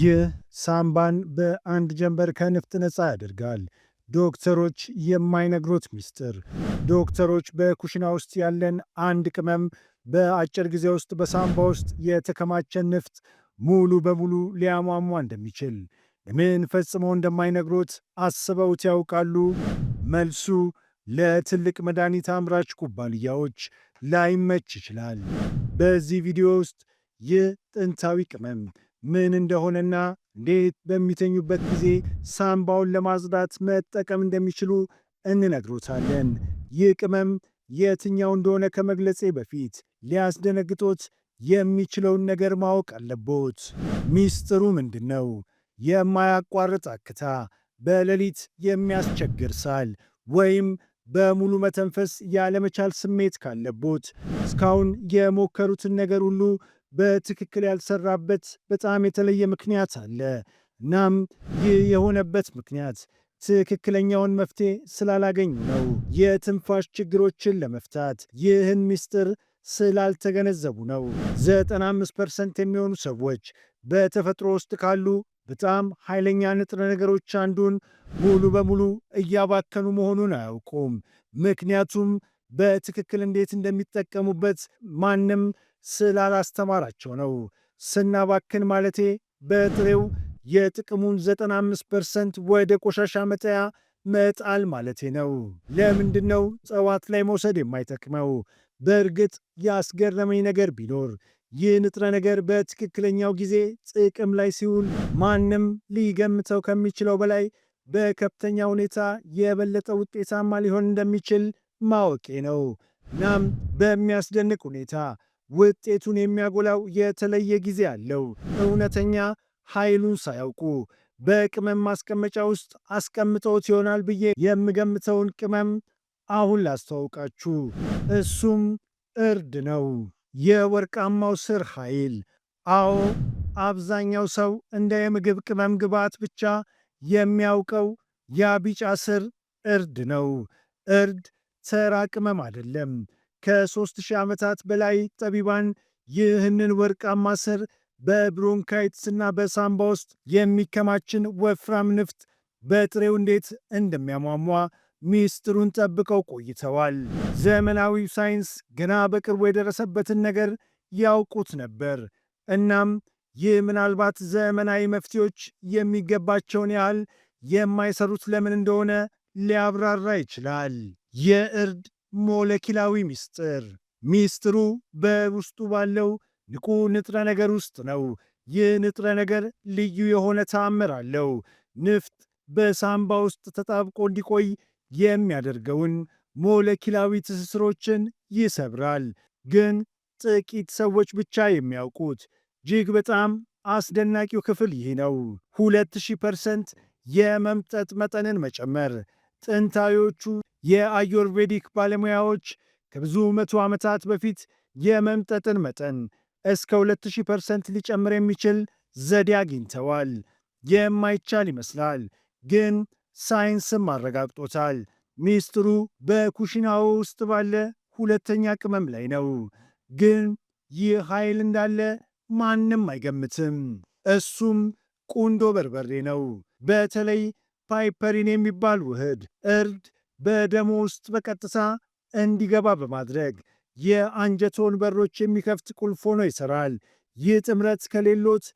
ይህ ሳምባን በአንድ ጀንበር ከንፍጥ ነፃ ያደርጋል። ዶክተሮች የማይነግሩት ሚስጥር። ዶክተሮች በኩሽና ውስጥ ያለን አንድ ቅመም በአጭር ጊዜ ውስጥ በሳምባ ውስጥ የተከማቸን ንፍጥ ሙሉ በሙሉ ሊያሟሟ እንደሚችል ለምን ፈጽመው እንደማይነግሩት አስበውት ያውቃሉ? መልሱ ለትልቅ መድኃኒት አምራች ኩባንያዎች ላይመች ይችላል። በዚህ ቪዲዮ ውስጥ ይህ ጥንታዊ ቅመም ምን እንደሆነና እንዴት በሚተኙበት ጊዜ ሳምባውን ለማጽዳት መጠቀም እንደሚችሉ እንነግሮታለን። ይህ ቅመም የትኛው እንደሆነ ከመግለጼ በፊት ሊያስደነግጦት የሚችለውን ነገር ማወቅ አለቦት። ሚስጥሩ ምንድን ነው? የማያቋርጥ አክታ፣ በሌሊት የሚያስቸግር ሳል ወይም በሙሉ መተንፈስ ያለመቻል ስሜት ካለቦት እስካሁን የሞከሩትን ነገር ሁሉ በትክክል ያልሰራበት በጣም የተለየ ምክንያት አለ። እናም ይህ የሆነበት ምክንያት ትክክለኛውን መፍትሄ ስላላገኙ ነው። የትንፋሽ ችግሮችን ለመፍታት ይህን ምስጢር ስላልተገነዘቡ ነው። 95% የሚሆኑ ሰዎች በተፈጥሮ ውስጥ ካሉ በጣም ኃይለኛ ንጥረ ነገሮች አንዱን ሙሉ በሙሉ እያባከኑ መሆኑን አያውቁም። ምክንያቱም በትክክል እንዴት እንደሚጠቀሙበት ማንም ስላላስተማራቸው ነው። ስናባክን ማለቴ በጥሬው የጥቅሙን 95 ፐርሰንት ወደ ቆሻሻ መጣያ መጣል ማለቴ ነው። ለምንድን ነው እጽዋት ላይ መውሰድ የማይጠቅመው? በእርግጥ ያስገረመኝ ነገር ቢኖር ይህ ንጥረ ነገር በትክክለኛው ጊዜ ጥቅም ላይ ሲውል ማንም ሊገምተው ከሚችለው በላይ በከፍተኛ ሁኔታ የበለጠ ውጤታማ ሊሆን እንደሚችል ማወቄ ነው። እናም በሚያስደንቅ ሁኔታ ውጤቱን የሚያጎላው የተለየ ጊዜ አለው። እውነተኛ ኃይሉን ሳያውቁ በቅመም ማስቀመጫ ውስጥ አስቀምጠውት ይሆናል ብዬ የምገምተውን ቅመም አሁን ላስተዋውቃችሁ። እሱም እርድ ነው፣ የወርቃማው ስር ኃይል። አዎ አብዛኛው ሰው እንደ የምግብ ቅመም ግብዓት ብቻ የሚያውቀው ያ ቢጫ ስር እርድ ነው። እርድ ተራ ቅመም አይደለም። ከሶስት ሺህ ዓመታት በላይ ጠቢባን ይህንን ወርቃማ በብሮንካይትስ በብሮንካይትስና በሳምባ ውስጥ የሚከማችን ወፍራም ንፍጥ በጥሬው እንዴት እንደሚያሟሟ ሚስጥሩን ጠብቀው ቆይተዋል። ዘመናዊ ሳይንስ ገና በቅርቡ የደረሰበትን ነገር ያውቁት ነበር። እናም ይህ ምናልባት ዘመናዊ መፍትሄዎች የሚገባቸውን ያህል የማይሰሩት ለምን እንደሆነ ሊያብራራ ይችላል። የእርድ ሞለኪላዊ ምስጢር። ሚስጥሩ በውስጡ ባለው ንቁ ንጥረ ነገር ውስጥ ነው። ይህ ንጥረ ነገር ልዩ የሆነ ተአምር አለው። ንፍጥ በሳምባ ውስጥ ተጣብቆ እንዲቆይ የሚያደርገውን ሞለኪላዊ ትስስሮችን ይሰብራል። ግን ጥቂት ሰዎች ብቻ የሚያውቁት እጅግ በጣም አስደናቂው ክፍል ይህ ነው። 2000 ፐርሰንት የመምጠጥ መጠንን መጨመር ጥንታዊዎቹ የአዩርቬዲክ ባለሙያዎች ከብዙ መቶ ዓመታት በፊት የመምጠጥን መጠን እስከ 2000 ፐርሰንት ሊጨምር የሚችል ዘዴ አግኝተዋል። የማይቻል ይመስላል፣ ግን ሳይንስም አረጋግጦታል። ሚስጥሩ በኩሽናው ውስጥ ባለ ሁለተኛ ቅመም ላይ ነው። ግን ይህ ኃይል እንዳለ ማንም አይገምትም። እሱም ቁንዶ በርበሬ ነው። በተለይ ፓይፐሪን የሚባል ውህድ እርድ በደሞ ውስጥ በቀጥታ እንዲገባ በማድረግ የአንጀቶን በሮች የሚከፍት ቁልፍ ሆኖ ይሰራል። ይህ ጥምረት ከሌሎት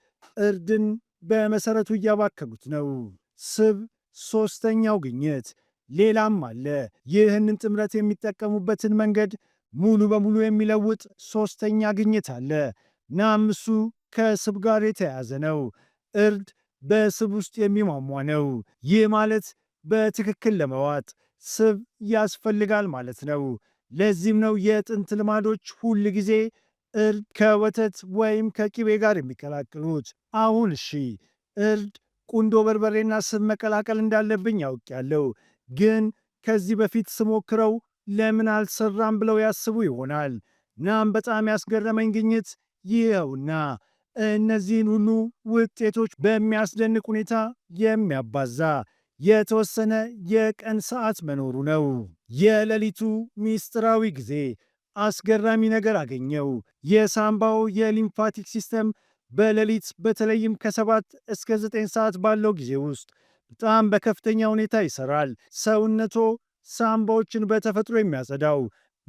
እርድን በመሰረቱ እያባከኑት ነው። ስብ ሶስተኛው ግኝት ሌላም አለ። ይህንን ጥምረት የሚጠቀሙበትን መንገድ ሙሉ በሙሉ የሚለውጥ ሶስተኛ ግኝት አለ እና እሱ ከስብ ጋር የተያያዘ ነው። እርድ በስብ ውስጥ የሚሟሟ ነው። ይህ ማለት በትክክል ለመዋጥ ስብ ያስፈልጋል ማለት ነው። ለዚህም ነው የጥንት ልማዶች ሁል ጊዜ እርድ ከወተት ወይም ከቂቤ ጋር የሚቀላቅሉት። አሁን እሺ እርድ፣ ቁንዶ በርበሬና ስብ መቀላቀል እንዳለብኝ ያውቃለሁ፣ ግን ከዚህ በፊት ስሞክረው ለምን አልሰራም ብለው ያስቡ ይሆናል። ናም በጣም ያስገረመኝ ግኝት ይኸውና እነዚህን ሁሉ ውጤቶች በሚያስደንቅ ሁኔታ የሚያባዛ የተወሰነ የቀን ሰዓት መኖሩ ነው። የሌሊቱ ሚስጥራዊ ጊዜ አስገራሚ ነገር አገኘው። የሳምባው የሊምፋቲክ ሲስተም በሌሊት በተለይም ከሰባት እስከ ዘጠኝ ሰዓት ባለው ጊዜ ውስጥ በጣም በከፍተኛ ሁኔታ ይሰራል። ሰውነቶ ሳምባዎችን በተፈጥሮ የሚያጸዳው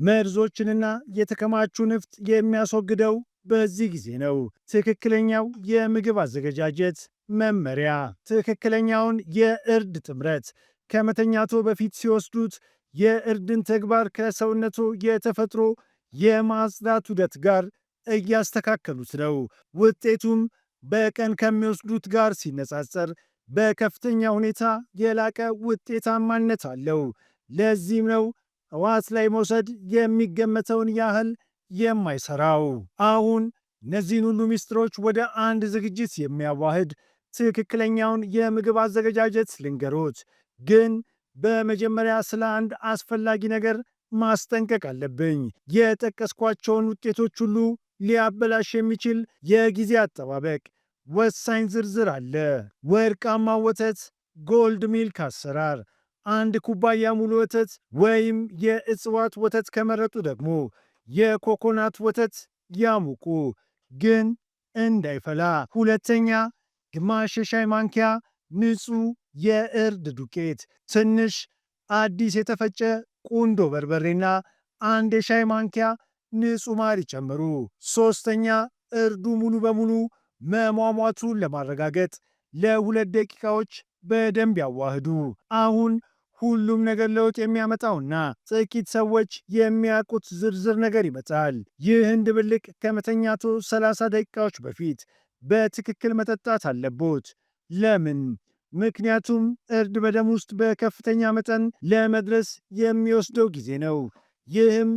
መርዞችንና የተከማቹ ንፍጥ የሚያስወግደው በዚህ ጊዜ ነው ትክክለኛው የምግብ አዘገጃጀት መመሪያ ትክክለኛውን የእርድ ጥምረት ከመተኛቶ በፊት ሲወስዱት የእርድን ተግባር ከሰውነቶ የተፈጥሮ የማጽዳት ሂደት ጋር እያስተካከሉት ነው። ውጤቱም በቀን ከሚወስዱት ጋር ሲነጻጸር በከፍተኛ ሁኔታ የላቀ ውጤታማነት አለው። ለዚህም ነው ጠዋት ላይ መውሰድ የሚገመተውን ያህል የማይሰራው። አሁን እነዚህን ሁሉ ሚስጥሮች ወደ አንድ ዝግጅት የሚያዋህድ ትክክለኛውን የምግብ አዘገጃጀት ልንገሮት። ግን በመጀመሪያ ስለ አንድ አስፈላጊ ነገር ማስጠንቀቅ አለብኝ። የጠቀስኳቸውን ውጤቶች ሁሉ ሊያበላሽ የሚችል የጊዜ አጠባበቅ ወሳኝ ዝርዝር አለ። ወርቃማ ወተት ጎልድ ሚልክ አሰራር፣ አንድ ኩባያ ሙሉ ወተት ወይም የእጽዋት ወተት ከመረጡ ደግሞ የኮኮናት ወተት ያሙቁ፣ ግን እንዳይፈላ። ሁለተኛ፣ ግማሽ የሻይ ማንኪያ ንጹህ የእርድ ዱቄት፣ ትንሽ አዲስ የተፈጨ ቁንዶ በርበሬና አንድ የሻይ ማንኪያ ንጹህ ማር ይጨምሩ። ሶስተኛ፣ እርዱ ሙሉ በሙሉ መሟሟቱን ለማረጋገጥ ለሁለት ደቂቃዎች በደንብ ያዋህዱ። አሁን ሁሉም ነገር ለውጥ የሚያመጣውና ጥቂት ሰዎች የሚያውቁት ዝርዝር ነገር ይመጣል። ይህን ድብልቅ ከመተኛቱ 30 ደቂቃዎች በፊት በትክክል መጠጣት አለቦት። ለምን? ምክንያቱም እርድ በደም ውስጥ በከፍተኛ መጠን ለመድረስ የሚወስደው ጊዜ ነው። ይህም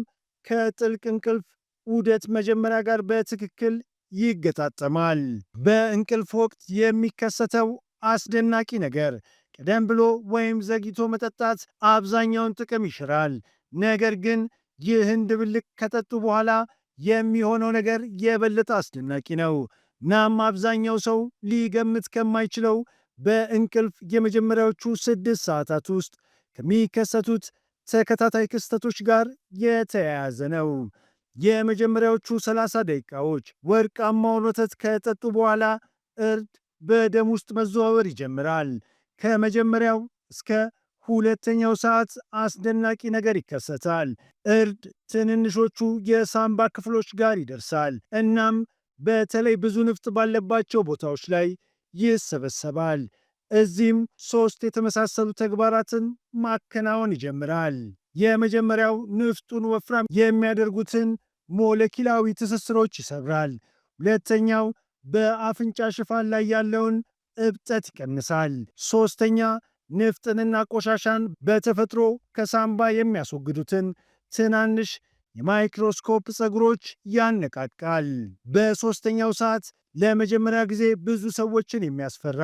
ከጥልቅ እንቅልፍ ውደት መጀመሪያ ጋር በትክክል ይገጣጠማል። በእንቅልፍ ወቅት የሚከሰተው አስደናቂ ነገር ቀደም ብሎ ወይም ዘግይቶ መጠጣት አብዛኛውን ጥቅም ይሽራል። ነገር ግን ይህን ድብልቅ ከጠጡ በኋላ የሚሆነው ነገር የበለጠ አስደናቂ ነው። ናም አብዛኛው ሰው ሊገምት ከማይችለው በእንቅልፍ የመጀመሪያዎቹ ስድስት ሰዓታት ውስጥ ከሚከሰቱት ተከታታይ ክስተቶች ጋር የተያያዘ ነው። የመጀመሪያዎቹ 30 ደቂቃዎች ወርቃማውን ወተት ከጠጡ በኋላ እርድ በደም ውስጥ መዘዋወር ይጀምራል። ከመጀመሪያው እስከ ሁለተኛው ሰዓት አስደናቂ ነገር ይከሰታል። እርድ ትንንሾቹ የሳምባ ክፍሎች ጋር ይደርሳል፣ እናም በተለይ ብዙ ንፍጥ ባለባቸው ቦታዎች ላይ ይሰበሰባል። እዚህም ሶስት የተመሳሰሉ ተግባራትን ማከናወን ይጀምራል። የመጀመሪያው ንፍጡን ወፍራም የሚያደርጉትን ሞለኪላዊ ትስስሮች ይሰብራል። ሁለተኛው በአፍንጫ ሽፋን ላይ ያለውን እብጠት ይቀንሳል። ሶስተኛ ንፍጥንና ቆሻሻን በተፈጥሮ ከሳምባ የሚያስወግዱትን ትናንሽ የማይክሮስኮፕ ፀጉሮች ያነቃቃል። በሦስተኛው ሰዓት ለመጀመሪያ ጊዜ ብዙ ሰዎችን የሚያስፈራ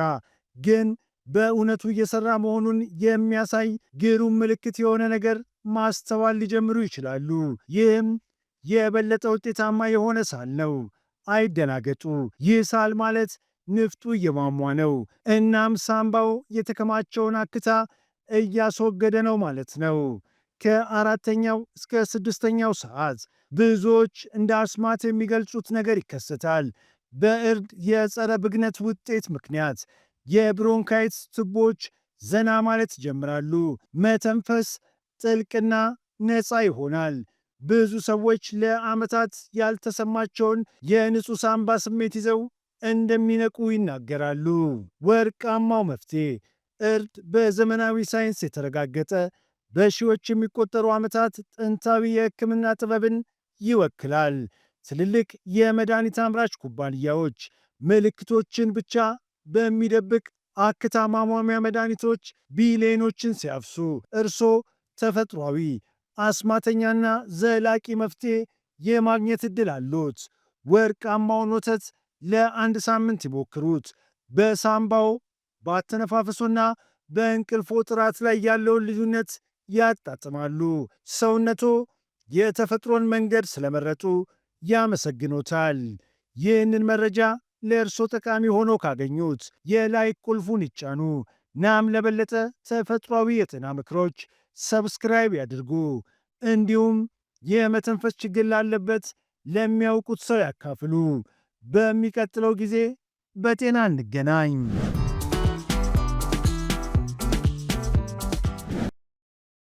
ግን በእውነቱ እየሰራ መሆኑን የሚያሳይ ግሩም ምልክት የሆነ ነገር ማስተዋል ሊጀምሩ ይችላሉ። ይህም የበለጠ ውጤታማ የሆነ ሳል ነው። አይደናገጡ። ይህ ሳል ማለት ንፍጡ እየሟሟ ነው። እናም ሳምባው የተከማቸውን አክታ እያስወገደ ነው ማለት ነው። ከአራተኛው እስከ ስድስተኛው ሰዓት ብዙዎች እንደ አስማት የሚገልጹት ነገር ይከሰታል። በእርድ የጸረ ብግነት ውጤት ምክንያት የብሮንካይት ቱቦች ዘና ማለት ይጀምራሉ። መተንፈስ ጥልቅና ነፃ ይሆናል። ብዙ ሰዎች ለዓመታት ያልተሰማቸውን የንጹህ ሳምባ ስሜት ይዘው እንደሚነቁ ይናገራሉ። ወርቃማው መፍትሄ እርድ በዘመናዊ ሳይንስ የተረጋገጠ በሺዎች የሚቆጠሩ ዓመታት ጥንታዊ የሕክምና ጥበብን ይወክላል። ትልልቅ የመድኃኒት አምራች ኩባንያዎች ምልክቶችን ብቻ በሚደብቅ አክታ ማሟሚያ መድኃኒቶች ቢሊዮኖችን ሲያፍሱ፣ እርሶ ተፈጥሯዊ አስማተኛና ዘላቂ መፍትሄ የማግኘት ዕድል አሉት። ወርቃማውን ወተት ለአንድ ሳምንት ይሞክሩት። በሳምባው በአተነፋፈሶና በእንቅልፎ ጥራት ላይ ያለውን ልዩነት ያጣጥማሉ። ሰውነቶ የተፈጥሮን መንገድ ስለመረጡ ያመሰግኖታል። ይህንን መረጃ ለእርሶ ጠቃሚ ሆኖ ካገኙት የላይክ ቁልፉን ይጫኑ። ናም ለበለጠ ተፈጥሯዊ የጤና ምክሮች ሰብስክራይብ ያድርጉ። እንዲሁም የመተንፈስ ችግር ላለበት ለሚያውቁት ሰው ያካፍሉ። በሚቀጥለው ጊዜ በጤና እንገናኝ።